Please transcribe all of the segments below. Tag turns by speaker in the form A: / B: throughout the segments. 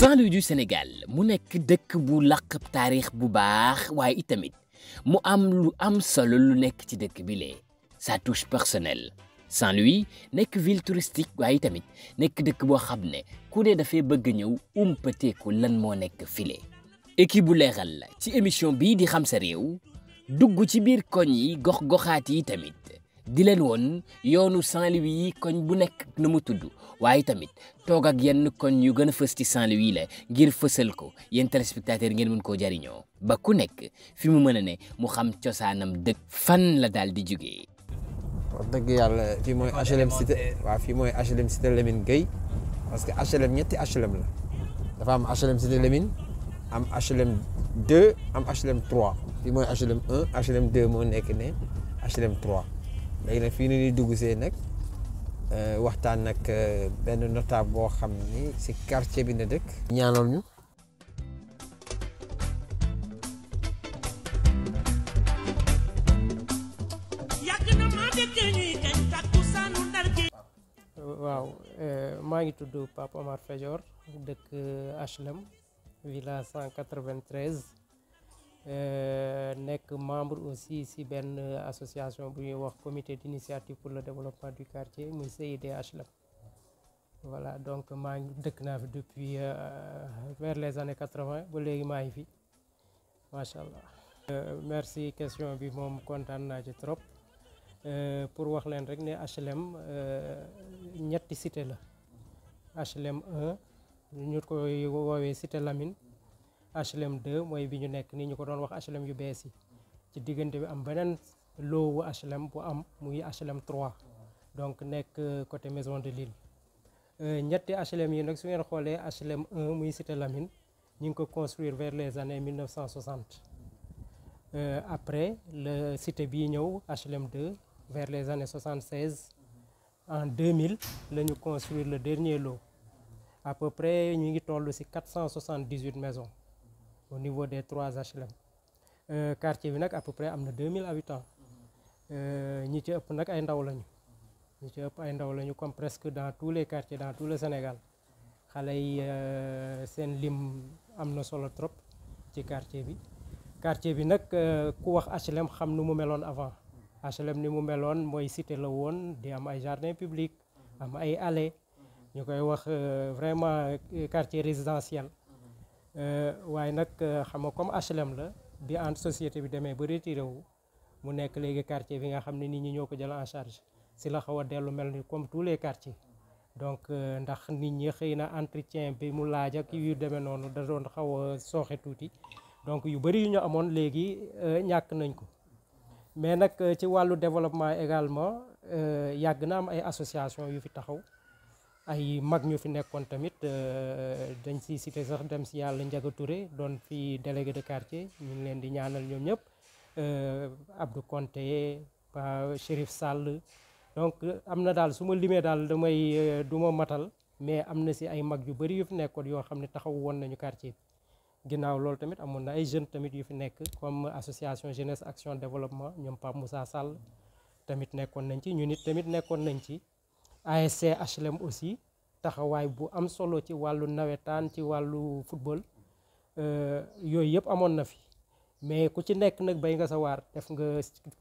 A: Saint-Louis du Sénégal mu nekk dëkk bu làq taarix bu baax waaye itamit mu am lu am solo lu nekk ci dëkk bi lee sa touche personnelle Saint-Louis nekk ville touristique waaye itamit nekk dëkk boo xam ne ku ne dafay bëgg ñëw umpateeku lan moo nekk file équipe bu leeral la ci émission bii di xam sa réew dugg ci biir koñ yi gox goxaat yi tamit di leen woon yoonu Saint-Louis koñ bu nekk na mu tudd waaye tamit toog ak yenn koñ yu gën a fësti ci saint la ngir fësal ko yéen téléspectateur ngeen mën koo jariñoo ba ku nekk fi mu mën a ne mu xam cosaanam dëkk fan la daal di jógee. wax dëgg
B: yàlla fii mooy HLM cité waaw fii mooy HLM cité Lamine Gueye parce que HLM ñetti HLM la dafa am HLM cité Lamine am HLM 2 am HLM 3 fii mooy HLM 1 HLM moo nekk ne HLM 3. léegi nag fii ni ñuy dugg see nag eh, waxtaan nag eh, benn notable boo xam ni si quartier bi na dëkk ñaanal ñu
C: waaw
A: eh, maa ngi tudd Pape Omar Fadior dëkk HLM villa 193 Euh, nekk membre aussi si benn association bu ñuy wax comité d'initiative pour le développement du quartier muy CIDHLM voilà donc maa ngi dëkk naa fi depuis euh, vers les années quatre-vingt ba léegi maa ngi fi macha allah. Euh, merci question bi moom kontaan naa ci trop pour wax leen rek ne HLM ñetti cité la HLM ñu koy woowee site Lamine. HLM 2 mooy bi ñu nekk nii ñu ko doon wax HLM yu bees yi ci diggante bi am beneen loowu HLM bu am muy HLM trois donc nekk euh, côté maison de l'île euh, ñetti HLM yi nag su ngeen xoolee HLM 1 muy cité Lamine ñu ngi ko construire vers les années 1960 euh, après le cité bii ñëw HLM 2 vers les années 76 en 2000 la ñu construire le dernier lot à peu ñu ngi toll ci 478 maisons au niveau des trois HLM euh, quartier bi nag à peu près am na 2000 habitants euh, ñi ci ëpp nag ay ndaw lañu ñi ci ëpp ay ndaw lañu comme presque dans tous les quartiers dans tout le Sénégal xale yi euh, seen lim am na solo trop ci quartier bi quartier bi nag ku wax HLM xam nu mu meloon avant HLM ni mu meloon mooy cité la woon di am ay jardin public am ay allées ñu koy wax vraiment quartier résidentiel Euh, waaye nag euh, xam nga comme HLM la bi en société bi demee ba retiré wu mu nekk léegi quartier bi nga xam ne nit ñi ñoo ko jël en charge si la xaw a dellu mel ni comme tous les quartiers donc euh, ndax nit ñi xëy na entretien bi mu laaj ak yu demee noonu da doon xaw a sooxe tuuti donc yu bëri yu ñu amoon léegi ñàkk nañ ko mais nag ci wàllu développement également yàgg na am ay association yu fi taxaw ay mag ñu fi nekkoon tamit euh, dañ si cité sax dem si yàlla Ndiaga Touré doon fi délégué de quartier ñu leen di ñaanal ñoom ñëpp euh, Abdou Konté Pa Chérif Sall donc am na daal suma limee daal damay euh, du ma matal mais am na si ay mag yu bari yu fi nekkoon yoo xam ne taxaw woon nañu quartier bi ginnaaw loolu tamit amoon na ay jeunes tamit yu fi nekk comme association jeunesse action développement ñoom Pape Moussa Sall tamit nekkoon nañ ci ñun it tamit nekkoon nañ ci ASC HLM aussi taxawaay bu am solo ci wàllu nawetaan ci wàllu football euh, yooyu yëpp amoon na fi mais ku ci nekk nag bay nga sa waar def nga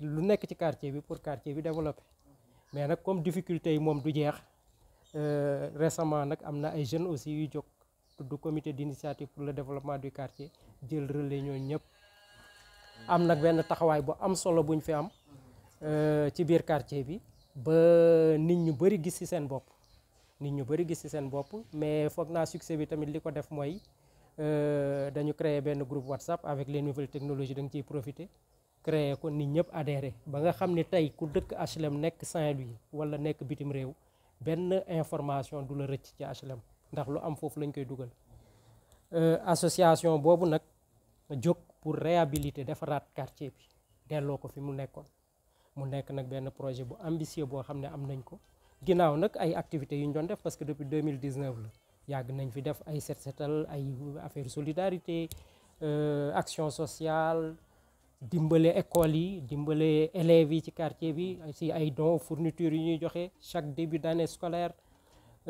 A: lu nekk ci quartier bi pour quartier bi développé mais nag comme difficulté yi moom du jeex euh, récemment nag am na ay jeunes aussi yu jog tudd comité d'initiative pour le développement du quartier jël relais ñooñu ñëpp am nag benn taxawaay bu am solo buñ fi am euh, ci biir quartier bi ba nit ñu bëri gis ci seen bopp nit ñu bëri gis ci seen bopp mais foog naa succès bi tamit li ko def mooy euh, dañu créer benn groupe WhatsApp avec les nouvelles technologies da nga ciy profiter créer ko nit ñëpp adhéré ba nga xam ne tey ku dëkk HLM nekk Saint-Louis wala nekk bitim réew benn information du la rëcc ci HLM ndax lu am foofu lañ koy dugal euh, association boobu nag jóg pour réabilité defaraat quartier bi delloo ko fi mu nekkoon bu nekk nag benn projet bu ambitieux boo xam ne am nañ ko ginnaaw nag ay activité yu ñu doon def parce que depuis 2019 la yàgg nañ fi def ay set setal ay affaire solidarité euh, action sociale dimbale école yi dimbale élèves yi ci quartier bi si ay dons fourniture yu ñuy joxe chaque début d'année scolaire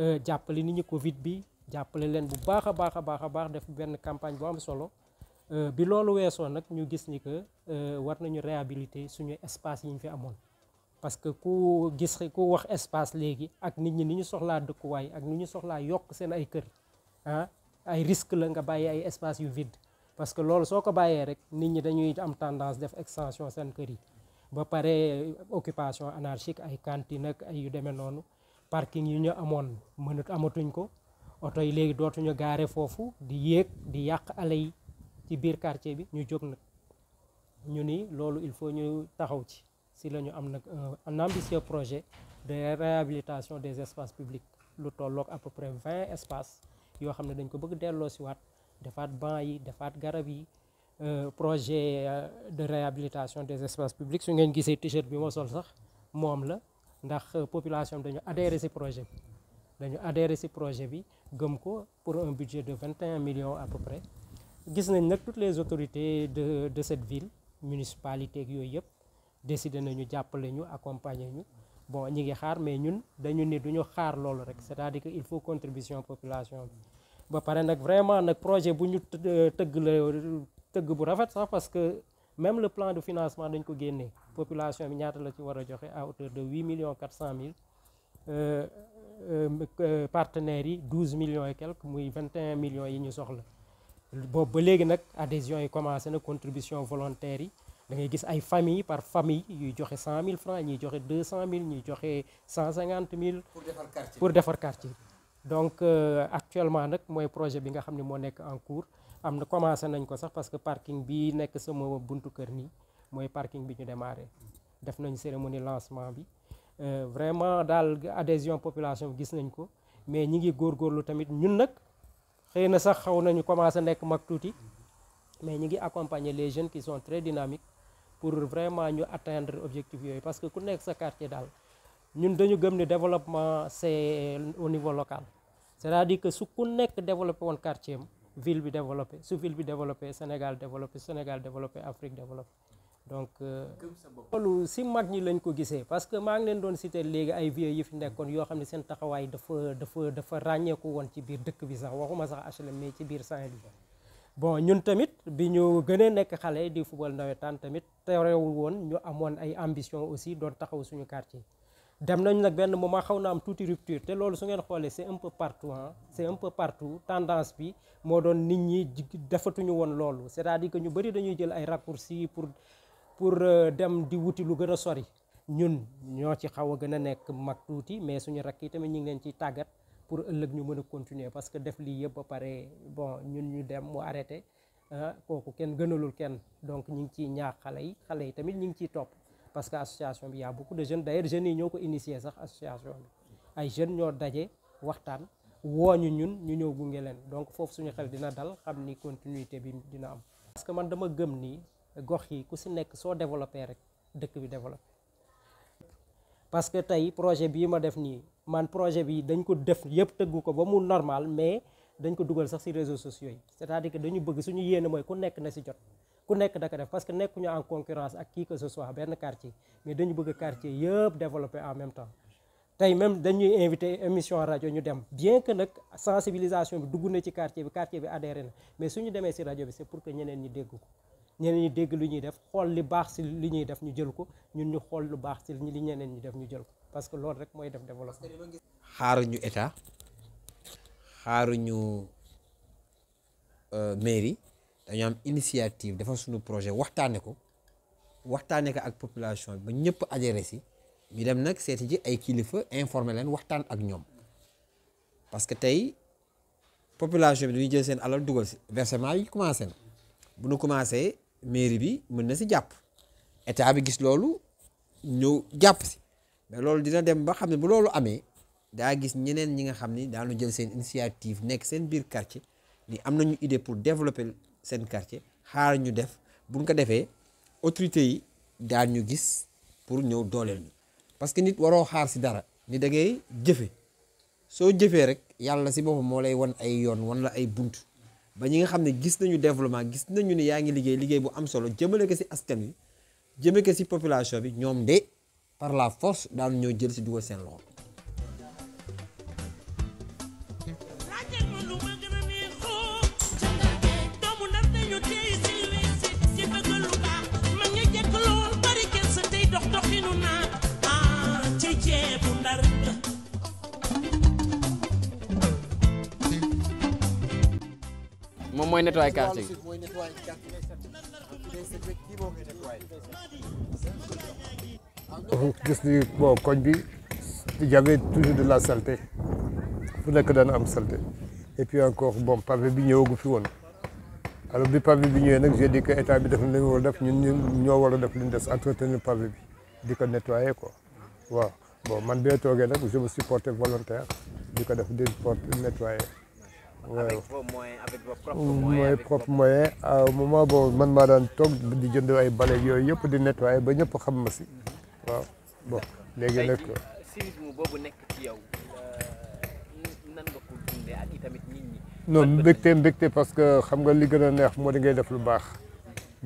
A: euh, jàppale nit ñi Covid bi jàppale leen bu baax a baax a baax a baax def benn campagne bu am solo Euh, bi loolu weesoo nag ñu gis ni que euh, war nañu réhabiliter suñu espace yi ñu fi amoon parce que ku gis ku wax espace léegi ak nit ñi ni ñu soxlaa dëkkuwaay ak ni ñu soxlaa yokk seen ay kër ah ay risque la nga bàyyi ay espace yu vide parce que loolu soo ko bàyyee rek nit ñi dañuy am tendance def extension seen kër yi ba pare euh, occupation anarchique ay cantine nag ay yu demee noonu parking yu ñu amoon mënat amatuñ ko oto yi léegi dootuñu gaare foofu di yéeg di yàq ale yi ci biir quartier bi ñu jóg nag ñu ni loolu il faut ñu taxaw ci si la ñu am nag un projet de réhabilitation des espaces publics lu tolloog à peu près vingt espaces yoo xam ne dañ ko bëgg delloo si waat defaat banc yi defaat garab yi euh, projet euh, de réhabilitation des espaces publics su ngeen gisee t-shirt bi ma sol sax moom la ndax euh, population bi dañu adhéré ci projet bi dañu adhéré ci projet bi gëm ko pour un budget de vingt et un millions à peu gis nañ nag toutes les autorités de de cette ville municipalité yooyu yëpp décider nañu jàppale ñu accompagner ñu bon ñi ngi xaar mais ñun dañu ni ñu xaar loolu rek c'est-à-dire que il faut contribution population bi ba pare nag vraiment nag projet bu ñu euh, tëgg la tëgg bu rafet sax parce que même le plan de financement dañ ko génnee population bi ñaata la ci war a joxe à hauteur de huit millions quatre cent mille euh, euh, partenaires yi douze millions et quelques muy vingt et yi ñu soxla boobu ba léegi nag adhésion yi commencé na contribution volontaire yi dangay gis ay famille par famille yuy joxe cent mille francs ñuy joxe deux cent mille ñuy joxe cent cinquante mille pour defar quartier donc euh, actuellement nag mooy projet bi nga xam ne moo nekk en cours am na commencé nañ ko sax parce que parking bi nekk sama buntu kër nii mooy parking bi ñu démarré def nañ cérémonie lancement bi euh, vraiment daal adhésion population gis nañ ko mais ñi ngi góor góorlu tamit ñun nag xëy na sax xaw nañu commencé nekk mag tuuti mais ñu ngi accompagner les jeunes qui son très dynamiques pour vraiment ñu atteindre objectif yooyu parce que ku nekk sa quartier daal ñun dañu gëm ne développement c'est au niveau local c'est-à-dire que su ku nekk développé woon quartier am ville bi développé su ville bi développé Sénégal développé Sénégal développé Afrique développé donc euh, loolu si mag ñi lañ ko gisee parce que maa ngi leen doon citer léegi ay vieux yi fi nekkoon yoo xam ne seen taxawaay dafa dafa dafa ràññeeku woon ci biir dëkk bi sax waxuma sax HLM mais ci biir Saint-Louis bon ñun tamit bi ñu gënee nekk xale di football nawetaan tamit terewul woon ñu amoon ay ambition aussi doon taxaw suñu quartier dem nañ nag benn moment xaw na am tuuti rupture te loolu su ngeen xoolee c'est un peu partout ah c'est un peu tendance bi moo doon nit ñi defatuñu woon loolu cest à ñu bari dañuy jël ay raccourcis pour pour euh, dem di wuti lu gën a sori ñun ñoo ci xaw a gën a nekk mag tuuti mais suñu rakk yi tamit ñu ngi ciy tàggat pour ëllëg ñu mën a continuer parce que def lii yëpp ba pare bon ñun ñu dem mu arrêté ah, kooku kenn gënalul kenn donc ñu ngi ciy ñaax xale yi xale yi tamit ñu ngi ciy topp parce que association bi y a beaucoup de jeunes d'ailleurs jeunes yi ñoo ko initié sax association bi ay jeunes ñoo daje waxtaan wooñu ñun ñu ñëw gunge leen donc foofu suñu xel dina dal xam ni continuité bi dina am parce que man dama gëm nii gox yi ku si nekk soo développé rek dëkk bi développé parce que tey projet bii ma def nii man projet bii dañ ko def yëpp tëggu ko ba mu normal mais dañ ko dugal sax si réseaux sociaux yi c'est-à-dire que dañu bëgg suñu yéene mooy ku nekk na si jot ku nekk da ko def parce que nekkuñu en concurrence ak kii que ce benn quartier mais dañu bëgg quartier yëpp développé en même temps tey même dañuy invité émission rajo ñu dem bien que nag sensibilisation bi dugg na ci quartier bi quartier bi adhéré na mais suñu demee si rajo bi c'est pour que ñeneen ñi dégg ko ñeneen ñi dégg lu ñuy def xool li baax si li ñuy def ñu jël ko ñun ñu xool lu baax si li ñeneen ñu def ñu jël ko parce que loolu rek mooy def développement.
B: xaaruñu état xaaruñu euh, mairie dañu am initiative dafa suñu projet waxtaane ko waxtaane ko ak population bi ba ñëpp adhéré si ñu dem nag seeti ji ay kilifa informé leen waxtaan ak ñoom parce que tey population bi dañuy jël seen alal dugal si versement yi commencé na bu nu commencé mairie bi mën na si jàpp état bi gis loolu ñëw jàpp si mais loolu dina dem ba xam ne bu loolu amee daa gis ñeneen ñi nga xam ni daanu jël seen initiative nekk seen biir quartier ni am nañu idée pour développer seen quartier xaar ñu def buñ ko defee autorités yi daan ñu gis pour ñëw dooleel ñu parce que nit waroo xaar si dara ni da jëfe soo jëfee rek yàlla si boppam moo lay wan ay yoon wan la ay bunt ba ñi nga xam ne gis nañu développement gis nañu ni yaa ngi liggéey liggéey bu am solo jëmale ko si askan wi jëmee ko si population bi ñoom de par la force daanu ñoo jël si dugal seen loxo.
D: mooy nettoyer carte yi.
C: gis ni bon koñ bi y avait toujours de la saleté fu nekk daan am saleté et puis encore bon pavé bi ñëwagu fi woon alors bi pavé bi ñëwee nag j'ai dit état bi def na li war a def ñun ñun a def li des entretenir pavé bi di ko nettoyer quoi waaw bon man bee toogee nag je me suis volontaire di ko def di porté avec vos moyens avec vos propres moyens propre moyen moment boobu man maa daan toog di jënd ay bale yooyu yëpp di nettoyer ba ñëpp xam ma si waaw bon léegi nag civisme euh, parce que xam nga li gën a neex moo di ngay def lu baax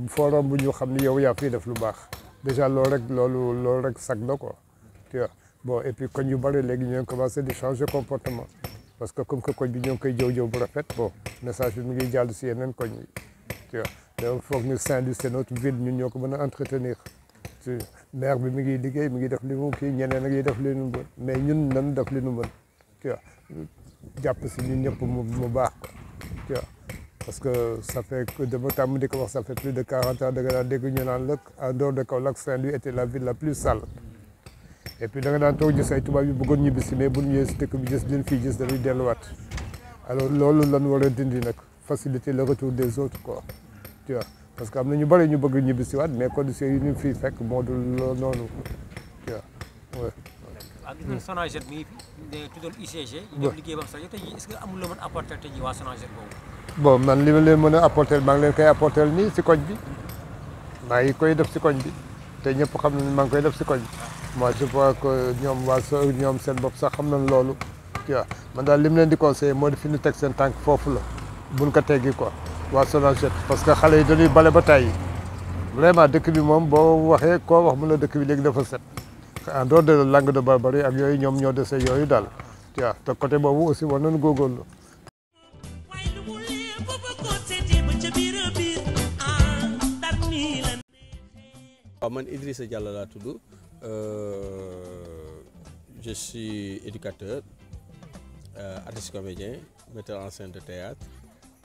C: forom bu ñu xam ni yow yaa yi def lu baax déjà loolu rek loolu loolu rek sag na ko tu vois bon et puis koñ yu bëri léegi ñu ngi commencé di changer comportement parce que comme que koñ bi ñoo ngi koy jëw-jëw bu rafet bon message bi mu ngi jàll si yeneen koñ yi foog ñu Saint-Louis c'est ñun ñoo ko mën a entretenir tu maire bi mi ngi liggéey mi ngi def li mu kii ñeneen a ngi def li nu mën mais ñun nañu def li nu mën tu jàpp si ñun ñëpp mu mu baax ko parce que ça fait dama tàmm di ko wax ça fait plus de quarante ans da nga daan dégg ñu naan lëkk en dehors de Kaolack Saint-Louis était la ville la plus sale et puis da nga daan toog gis ay tubaab yu bëggoon ñibbi si mais bu ñu ñëwee dëkk bi gis leen fii delluwaat alors loolu lan war a dindi nag faciliter le retour des autres quoi tu parce que am na ñu bëri ñu bëgg ñibbi si waat mais conditions yi ñu fii fekk moo dul loolu noonu tu vois waaw gis nañu
A: Sonaged que amul la mën a apporter tey
C: man li ma leen mën a apporter maa ngi leen kay apporter nii si koñ bi mm-hmm. maa ngi koy def si koñ bi te ñëpp xam nañu maa ngi koy def si koñ bi. Ah. moi je vois que ñoom waa so ñoom seen bopp sax xam nañ loolu tu man daal li mu leen di conseil moo di fi ñu teg seen tànk foofu la buñ ko teggi quoi waa Sonaged parce que xale yi dañuy bale ba tàyyi bu vraiment dëkk bi moom boo waxee koo wax mun la dëkk bi léegi dafa set en dehors de la langue de barbarie ak yooyu ñoom ñoo dese yooyu daal tu vois te côté boobu aussi war nañu góorgóorlu waaw
D: man Idrissa jàlla laa tudd Euh, je suis éducateur euh, artiste comédien metteur en scène de théâtre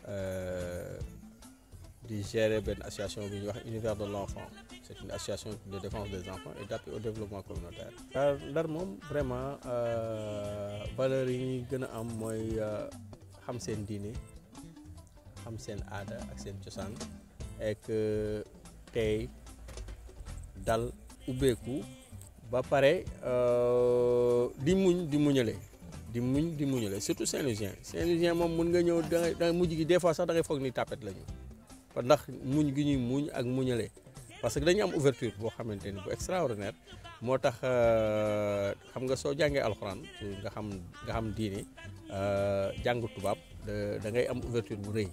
D: euh, di gérer benn association bi ñuy wax univers de l'enfant c'est une association de défense des enfants et d'appui au développement communautaire Ndar moom vraiment valeur yi ñuy gën a am mooy xam seen diine xam seen aada ak seen cosaan ek tey dal ubbeeku ba pare euh, di muñ di muñale di muñ di muñale surtout Saint-Louisien Saint-Louisien moom mun nga ñëw da mujj gi des fois sax da ngay foog ni tapet la ñu ndax muñ gi ñuy muñ ak muñale parce que dañu am ouverture boo xamante ni bu extraordinaire moo tax euh, xam nga soo jàngee alxuraan nga xam nga xam diine euh, jàng tubaab da ngay am ouverture bu rëy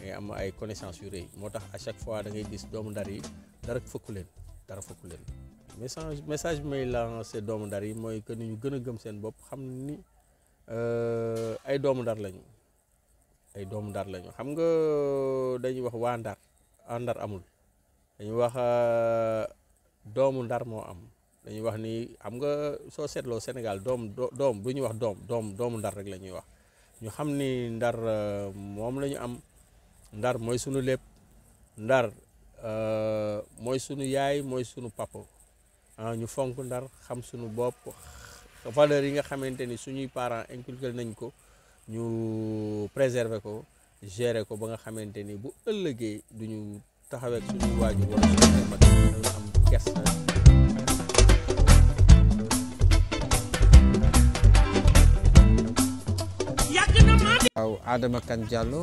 D: da am ay connaissances yu rëy moo tax a chaque fois da ngay gis doomu ndar yi dara fëkku leen dara fëkku leen message message bi la lancé doomu ndar yi mooy que ni ñu gën a gëm seen bopp xam ni euh, ay doomu ndar lañu ay doomu ndar lañu xam nga dañuy wax waa ndar amul dañuy wax euh, doomu ndar moo am dañuy wax ni xam nga soo seetloo Sénégal doom doom bu ñuy wax doom doom doomu ndar rek la ñuy wax ñu xam ni ndar euh, moom la ñu am ndar mooy sunu lépp ndar mooy sunu yaay mooy sunu papa Ah, ñu fonk ndar xam suñu bopp valeurs yi nga xamante ni suñuy parent inculqué nañ ko ñu préserver ko gérer ko ba nga xamante ni bu ëllëgee duñu taxawee ak suñuy waajur wala suñu mag
B: dana waaw Adama Kane Diallo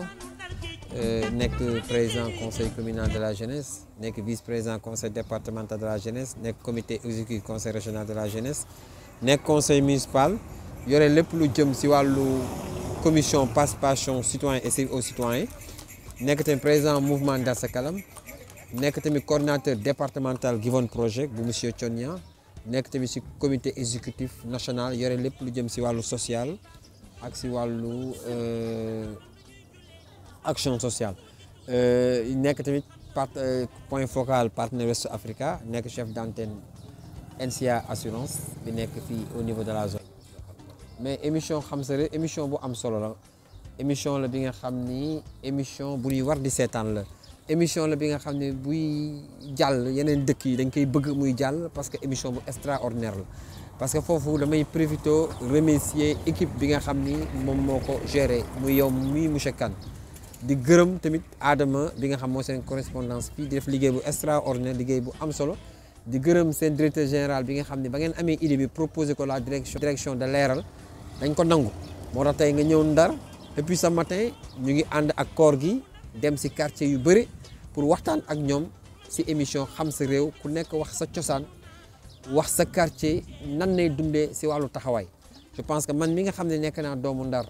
B: Euh, nekk président conseil communal de la jeunesse nekk vice président conseil départemental de la jeunesse nekk comité exécutif conseil régional de la jeunesse nekk conseil municipal yore lépp lu jëm si wàllu commission participation citoyen et service aux citoyens nekk tamit président mouvement Ndar sa Kalam nekk tamit coordinateur départemental Givon projet bu monsieur Thionia nekk tamit si comité exécutif national yore lépp lu jëm si wàllu social ak si action sociale euh, nekk tamit part euh, point focal partenaire West Africa nekk chef d'antenne NCA assurance bi nekk fii au niveau de la zone mais émission xam sa émission bu am solo la émission la bi nga xam ni émission bu ñuy war di seetaan la émission la bi nga xam ne buy jàll yeneen dëkk yi dañ koy bëgg muy jàll parce que émission bu extraordinaire la parce que foofu damay profité remercier équipe bi nga xam ni moom moo ko géré mu yow mii monsieur Kane di gërëm tamit aadama bi nga xam moo seen correspondance fii di def liggéey bu extraordinaire liggéey bu am solo di gërëm seen directeur général bi nga xam ne ba ngeen amee idée bi proposé ko la direction direction de leeral dañ ko nangu moo tax tey nga ñëw ndar depuis sa matin ñu ngi ànd ak koor gi dem si quartier yu bëri pour waxtaan ak ñoom si émission xam sa réew ku nekk wax sa cosaan wax sa quartier nan nay dundee si wàllu taxawaay je pense que man mi nga xam ne nekk naa doomu ndar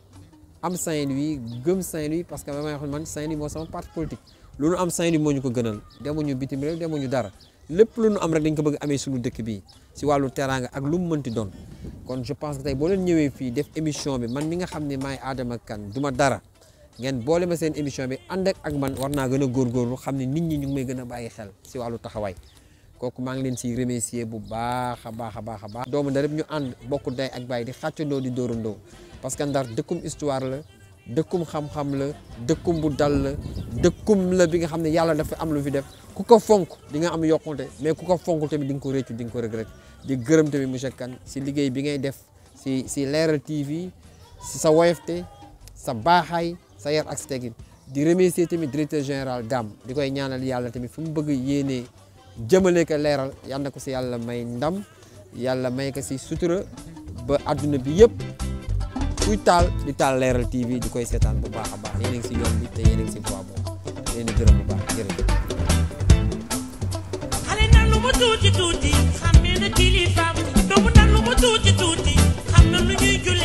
B: am Saint-Louis gëm Saint-Louis parce que may wax man Saint-Louis moo sama parti politique lu nu am Saint-Louis moo ñu ko gënal demuñu bitim réew demuñu dara lépp lu nu am rek dañ ko bëgg amee suñu dëkk bi si wàllu teraanga ak lu mu mënti doon kon je pense que tey boo leen ñëwee fii def émission bi man mi nga xam ne maay Adama Kane du ma dara ngeen boole ma seen émission bi ànd ak ak man war naa gën a góorgóorlu xam ne nit ñi ñu ngi may gën a bàyyi xel si wàllu taxawaay kooku maa ngi leen si remercier bu baax a baax a baax a baax doomu nda ñu ànd bokk day ak bàyyi di xàccandoo di dóorandoo parce que Ndar dëkkum histoire la dëkkum xam-xam la dëkkum bu dal la dëkkum la bi nga xam ne yàlla dafa am lu fi def ku ko fonk di nga am yokkute mais ku ko fonk tamit di nga ko réccu di nga ko regret di gërëm tamit monsieur Kane si liggéey bi ngay def si si Leral TV si sa woyefte sa baaxaay sa yar ak sa di remercier tamit directeur général Dame di koy ñaanal yàlla tamit fu mu bëgg yéene jëmale ko leeral yal na ko si yàlla may ndam yàlla may ko si sutura ba adduna bi yëpp kuy taal di leer leeral TV di koy seetaan bu baax a baax yéen a ngi si te yéen a ngi si voie i leen di gërëm bu baax jërëjëf.
E: xale na lu mu tuuti tuuti xam ne na kilifa lu mu tuuti tuuti xam